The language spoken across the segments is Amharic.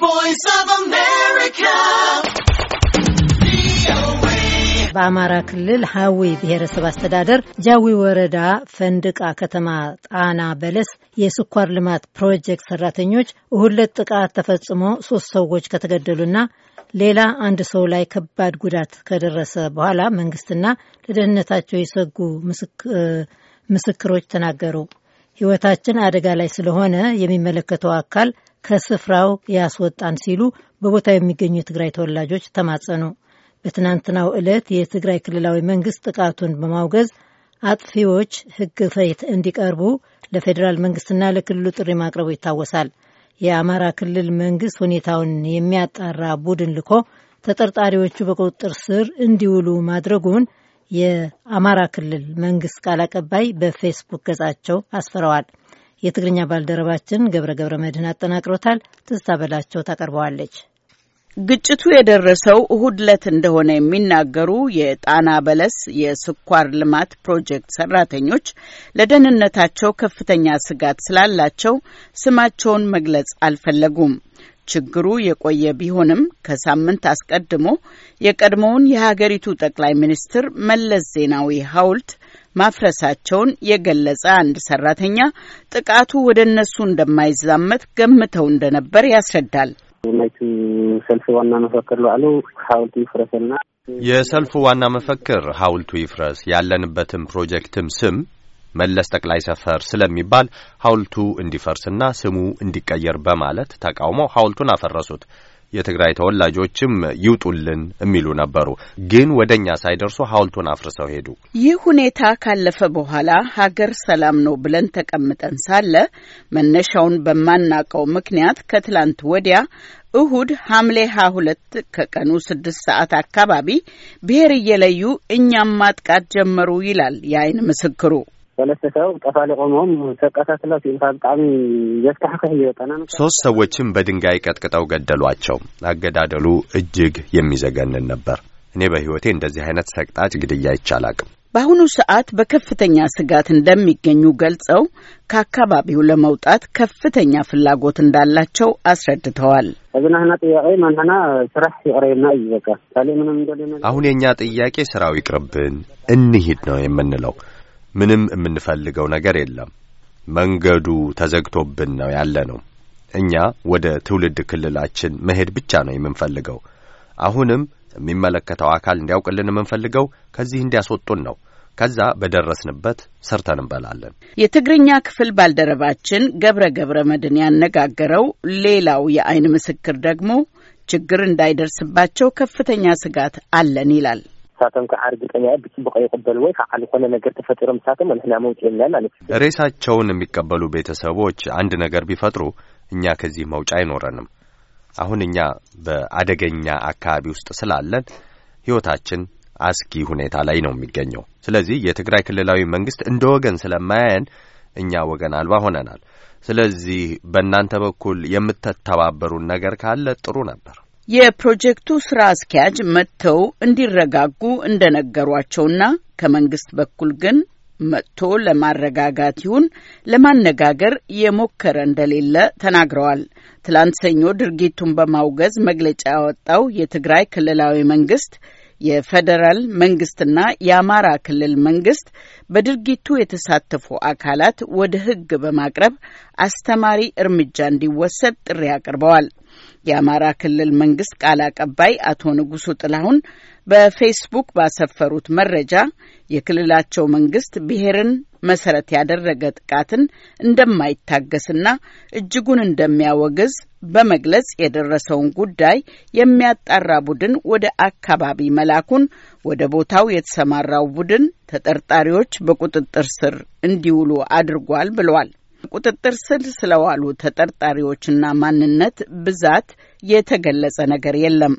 ቮይስ ኦፍ አሜሪካ በአማራ ክልል ሀዊ ብሔረሰብ አስተዳደር ጃዊ ወረዳ ፈንድቃ ከተማ ጣና በለስ የስኳር ልማት ፕሮጀክት ሰራተኞች እሁድ ጥቃት ተፈጽሞ ሶስት ሰዎች ከተገደሉና ሌላ አንድ ሰው ላይ ከባድ ጉዳት ከደረሰ በኋላ መንግስትና ለደህንነታቸው የሰጉ ምስክሮች ተናገሩ። ሕይወታችን አደጋ ላይ ስለሆነ የሚመለከተው አካል ከስፍራው ያስወጣን ሲሉ በቦታው የሚገኙ የትግራይ ተወላጆች ተማጸኑ። በትናንትናው ዕለት የትግራይ ክልላዊ መንግስት ጥቃቱን በማውገዝ አጥፊዎች ሕግ ፊት እንዲቀርቡ ለፌዴራል መንግስትና ለክልሉ ጥሪ ማቅረቡ ይታወሳል። የአማራ ክልል መንግስት ሁኔታውን የሚያጣራ ቡድን ልኮ ተጠርጣሪዎቹ በቁጥጥር ስር እንዲውሉ ማድረጉን የአማራ ክልል መንግስት ቃል አቀባይ በፌስቡክ ገጻቸው አስፍረዋል። የትግርኛ ባልደረባችን ገብረ ገብረ መድህን አጠናቅሮታል። ትዝታ በላቸው ታቀርበዋለች። ግጭቱ የደረሰው እሁድ ለት እንደሆነ የሚናገሩ የጣና በለስ የስኳር ልማት ፕሮጀክት ሰራተኞች ለደህንነታቸው ከፍተኛ ስጋት ስላላቸው ስማቸውን መግለጽ አልፈለጉም። ችግሩ የቆየ ቢሆንም ከሳምንት አስቀድሞ የቀድሞውን የሀገሪቱ ጠቅላይ ሚኒስትር መለስ ዜናዊ ሐውልት ማፍረሳቸውን የገለጸ አንድ ሰራተኛ ጥቃቱ ወደ እነሱ እንደማይዛመት ገምተው እንደነበር ያስረዳል። ሰልፍ ዋና መፈክር ሀውልቱ ይፍረስና የሰልፉ ዋና መፈክር ሀውልቱ ይፍረስ፣ ያለንበትም ፕሮጀክትም ስም መለስ ጠቅላይ ሰፈር ስለሚባል ሀውልቱ እንዲፈርስና ስሙ እንዲቀየር በማለት ተቃውሞ ሀውልቱን አፈረሱት። የትግራይ ተወላጆችም ይውጡልን የሚሉ ነበሩ። ግን ወደ እኛ ሳይደርሱ ሐውልቱን አፍርሰው ሄዱ። ይህ ሁኔታ ካለፈ በኋላ ሀገር ሰላም ነው ብለን ተቀምጠን ሳለ መነሻውን በማናቀው ምክንያት ከትላንት ወዲያ እሁድ ሐምሌ 22 ከቀኑ ስድስት ሰዓት አካባቢ ብሔር እየለዩ እኛም ማጥቃት ጀመሩ ይላል የአይን ምስክሩ። ሰለስተ ሰብ ጠፋሊቆምዎም ተቀሳስለው ሲልካ ብጣዕሚ ዘስካሕክሕ እዩ ሶስት ሰዎችም በድንጋይ ቀጥቅጠው ገደሏቸው። አገዳደሉ እጅግ የሚዘገንን ነበር። እኔ በሕይወቴ እንደዚህ አይነት ሰቅጣጭ ግድያ አይቻላቅም። በአሁኑ ሰዓት በከፍተኛ ስጋት እንደሚገኙ ገልጸው ከአካባቢው ለመውጣት ከፍተኛ ፍላጎት እንዳላቸው አስረድተዋል። አሁን የእኛ ጥያቄ ስራው ይቅርብን እንሂድ ነው የምንለው። ምንም የምንፈልገው ነገር የለም። መንገዱ ተዘግቶብን ነው ያለ ነው። እኛ ወደ ትውልድ ክልላችን መሄድ ብቻ ነው የምንፈልገው። አሁንም የሚመለከተው አካል እንዲያውቅልን የምንፈልገው ከዚህ እንዲያስወጡን ነው። ከዛ በደረስንበት ሰርተን እንበላለን። የትግርኛ ክፍል ባልደረባችን ገብረ ገብረ መድን ያነጋገረው ሌላው የአይን ምስክር ደግሞ ችግር እንዳይደርስባቸው ከፍተኛ ስጋት አለን ይላል። ንሳቶም ከዓ እርግጠኛ ብፅቡቅ ይቅበሉ ወይ ከዓ ዝኾነ ነገር ተፈጢሮም ንሳቶም ንሕና መውፅ የልና ማለት እዩ። ሬሳቸውን የሚቀበሉ ቤተሰቦች አንድ ነገር ቢፈጥሩ እኛ ከዚህ መውጫ አይኖረንም። አሁን እኛ በአደገኛ አካባቢ ውስጥ ስላለን ህይወታችን አስጊ ሁኔታ ላይ ነው የሚገኘው። ስለዚህ የትግራይ ክልላዊ መንግስት እንደ ወገን ስለማያየን እኛ ወገን አልባ ሆነናል። ስለዚህ በእናንተ በኩል የምትተባበሩን ነገር ካለ ጥሩ ነበር። የፕሮጀክቱ ስራ አስኪያጅ መጥተው እንዲረጋጉ እንደነገሯቸውና ከመንግስት በኩል ግን መጥቶ ለማረጋጋት ይሁን ለማነጋገር የሞከረ እንደሌለ ተናግረዋል። ትላንት ሰኞ ድርጊቱን በማውገዝ መግለጫ ያወጣው የትግራይ ክልላዊ መንግስት የፌዴራል መንግስትና የአማራ ክልል መንግስት በድርጊቱ የተሳተፉ አካላት ወደ ህግ በማቅረብ አስተማሪ እርምጃ እንዲወሰድ ጥሪ አቅርበዋል። የአማራ ክልል መንግስት ቃል አቀባይ አቶ ንጉሱ ጥላሁን በፌስቡክ ባሰፈሩት መረጃ የክልላቸው መንግስት ብሔርን መሰረት ያደረገ ጥቃትን እንደማይታገስና እጅጉን እንደሚያወግዝ በመግለጽ የደረሰውን ጉዳይ የሚያጣራ ቡድን ወደ አካባቢ መላኩን ወደ ቦታው የተሰማራው ቡድን ተጠርጣሪዎች በቁጥጥር ስር እንዲውሉ አድርጓል ብለዋል። ቁጥጥር ስር ስለዋሉ ተጠርጣሪዎችና ማንነት ብዛት የተገለጸ ነገር የለም።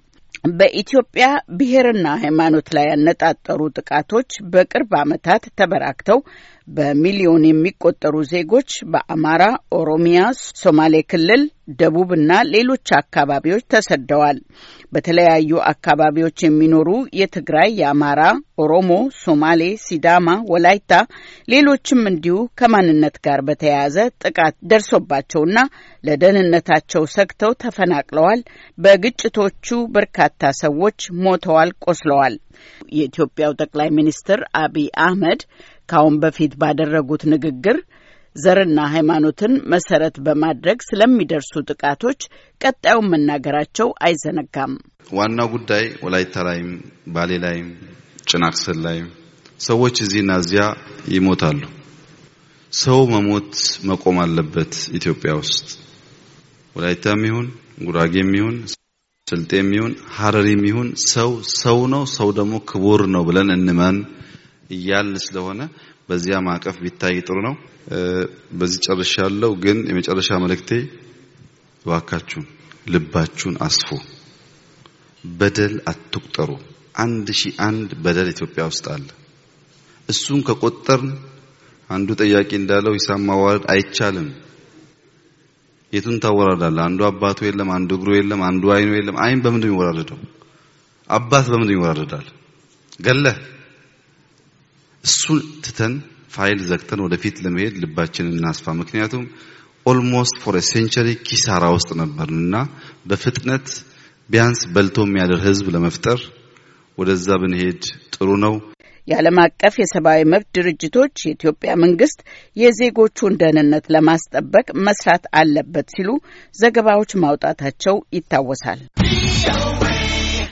በኢትዮጵያ ብሔርና ሃይማኖት ላይ ያነጣጠሩ ጥቃቶች በቅርብ ዓመታት ተበራክተው በሚሊዮን የሚቆጠሩ ዜጎች በአማራ፣ ኦሮሚያ፣ ሶማሌ ክልል፣ ደቡብ እና ሌሎች አካባቢዎች ተሰደዋል። በተለያዩ አካባቢዎች የሚኖሩ የትግራይ፣ የአማራ፣ ኦሮሞ፣ ሶማሌ፣ ሲዳማ፣ ወላይታ፣ ሌሎችም እንዲሁ ከማንነት ጋር በተያያዘ ጥቃት ደርሶባቸውና ለደህንነታቸው ሰግተው ተፈናቅለዋል። በግጭቶቹ በርካታ ሰዎች ሞተዋል፣ ቆስለዋል። የኢትዮጵያው ጠቅላይ ሚኒስትር አቢይ አህመድ ከአሁን በፊት ባደረጉት ንግግር ዘርና ሃይማኖትን መሰረት በማድረግ ስለሚደርሱ ጥቃቶች ቀጣዩን መናገራቸው አይዘነጋም። ዋናው ጉዳይ ወላይታ ላይም፣ ባሌ ላይም፣ ጭናክሰን ላይም ሰዎች እዚህና እዚያ ይሞታሉ። ሰው መሞት መቆም አለበት። ኢትዮጵያ ውስጥ ወላይታም ይሁን ጉራጌም ይሁን ስልጤም ይሁን ሀረሪም ይሁን ሰው ሰው ነው። ሰው ደግሞ ክቡር ነው ብለን እንመን እያል ስለሆነ በዚያ ማዕቀፍ ቢታይ ጥሩ ነው። በዚህ ጨርሻ ያለው ግን የመጨረሻ መልእክቴ እባካችሁን ልባችሁን አስፉ። በደል አትቁጠሩ። አንድ ሺህ አንድ በደል ኢትዮጵያ ውስጥ አለ። እሱን ከቆጠርን አንዱ ጠያቂ እንዳለው ሂሳብ ማዋረድ አይቻልም። የቱን ታወራዳለ? አንዱ አባቱ የለም፣ አንዱ እግሩ የለም፣ አንዱ አይኑ የለም። አይን በምንድን ይወራረደው? አባት በምንድን ይወራረዳል? ገለህ እሱ ትተን ፋይል ዘግተን ወደፊት ለመሄድ ልባችንን እናስፋ። ምክንያቱም ኦልሞስት ፎር ሴንቸሪ ኪሳራ ውስጥ ነበርንና በፍጥነት ቢያንስ በልቶ የሚያደር ህዝብ ለመፍጠር ወደዛ ብንሄድ ጥሩ ነው። የዓለም አቀፍ የሰብአዊ መብት ድርጅቶች የኢትዮጵያ መንግስት የዜጎቹን ደህንነት ለማስጠበቅ መስራት አለበት ሲሉ ዘገባዎች ማውጣታቸው ይታወሳል።